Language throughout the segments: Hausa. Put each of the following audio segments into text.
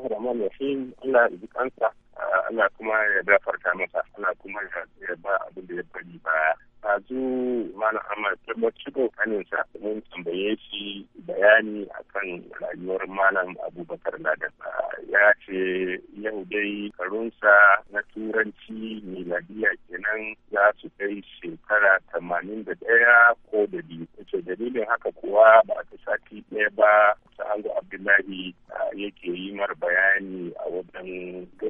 da rahmanir rahim Allah ya ji Allah kuma ya gafarta masa Allah kuma ya ba abin da ya bari ba yanzu malam Ahmad tabbaci sa mun tambaye shi bayani akan rayuwar malam Abubakar Ladan ya ce yau dai karunsa na turanci miladiya kenan za su kai shekara tamanin da ɗaya ko da biyu ce dalilin haka kuwa ba ta sati ɗaya ba ta ango Abdullahi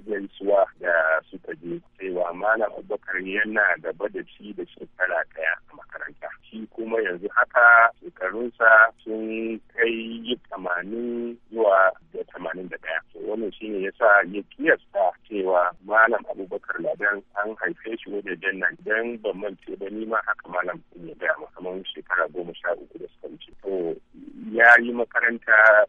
gaisuwa da suka je cewa malam abubakar yana gaba da shi da shekara ɗaya a makaranta shi kuma yanzu haka shekarunsa sun kai tamanin zuwa da tamanin da ɗaya wannan shine yasa ya kiyasta cewa malam abubakar ladan an haife shi wajen nan dan ban mance ba ni ma haka malam ya gaya kamar shekara goma sha uku da suka wuce to ya yi makaranta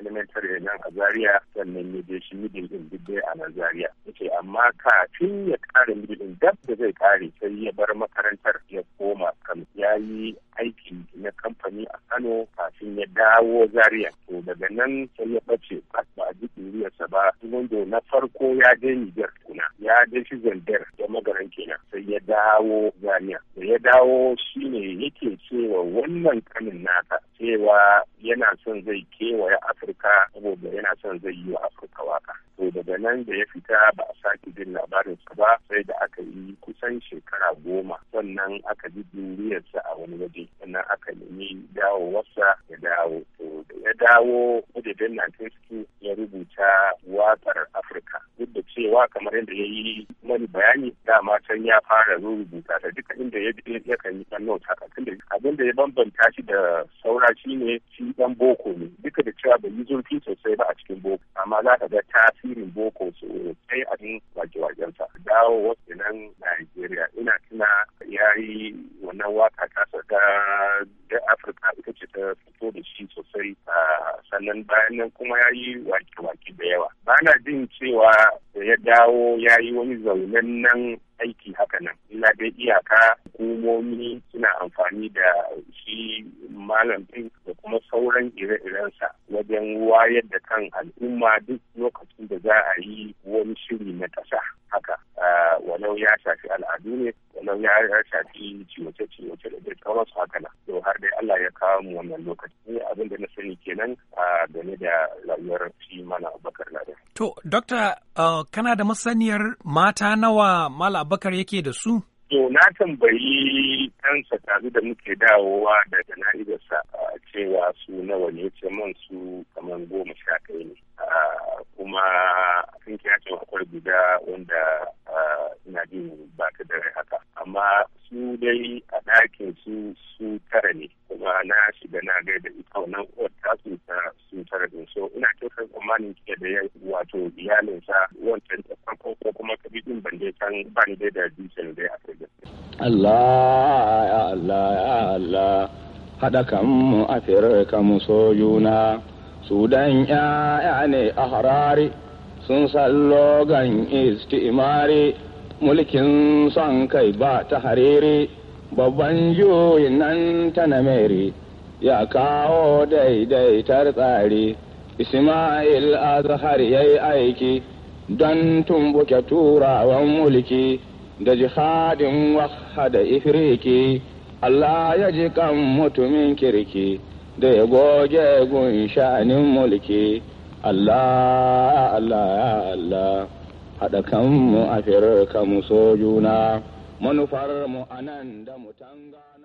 elementary nan a Zaria sannan ya je shi middle din duk a nan Zaria yace amma kafin ya kare middle din dab da zai kare sai ya bar makarantar ya koma kan ya yi aiki na kamfani a Kano kafin ya dawo Zaria to daga nan sai ya bace ba a ji duniyarsa ba wanda na farko ya je Niger kuna ya je shi Zandar da magaran kenan sai ya dawo Zaria da ya dawo shine yake cewa wannan kanin naka cewa yana son zai kewaye afirka saboda yana son zai yi wa afirka waka to daga nan da ya fita ba a sake jin labarinsa ba sai da aka yi kusan shekara goma sannan aka ji duniyarsa a wani waje sannan aka nemi wasa ya dawo to da ya dawo wajen 1960 cewa kamar yadda ya yi mani bayani dama can ya fara rubuta ta duka inda ya je ya kan yi kan nauta tunda abin da ya bambanta shi da saura shi ne shi dan boko ne duka da cewa bai yi zurfi sosai ba a cikin boko amma za ka ga tasirin boko sosai a cikin wake-wakensa dawo wasu nan Najeriya ina tuna ya yi wannan waka ta da Afirka ita ce ta fito da shi sosai sannan bayan nan kuma ya yi wake-wake da yawa Bana na jin cewa da ya dawo ya yi wani zaunen nan aiki haka nan illa dai iyaka hukumomi suna amfani da shi malam ɗin da kuma sauran ire-irensa wajen wayar da kan al'umma duk lokacin da za a yi wani shiri na ƙasa haka walau ya shafi al'adu ne walau ya shafi ciwace-ciwace da dai su haka nan to har dai Allah ya kawo mu wannan lokaci abin da na sani kenan a game da Dokta, uh, kana da masaniyar mata nawa Mala Abakar yake da su? To, na tambayi ɗansa tare da muke dawowa da jana'izarsa uh, cewa su nawa ne ce man su kamar goma sha su dai a ɗakin su su tara ne kuma na shiga na ga da ita wannan uwar ta su ta su tara ne so ina kyautar tsammanin ke da ya wato iyalinsa wancan ta farko ko kuma kabidin ban je can ban dai da dutsen dai a kai Allah ya Allah ya Allah haɗa kan mu a ka mu so sudan ya ne a harare sun san logan istimare mulkin son kai ba ta harere babban juyin nan ta namere ya kawo daidaitar tsari ismail azhar ya yi aiki don tumbuke turawan mulki da jihadin wahada ifiriki allah ya ji kan mutumin kirki da ya goge gunshanin mulki allah allah allah haɗa kanmu a firar kamu so juna manufar mu anan da mu tanga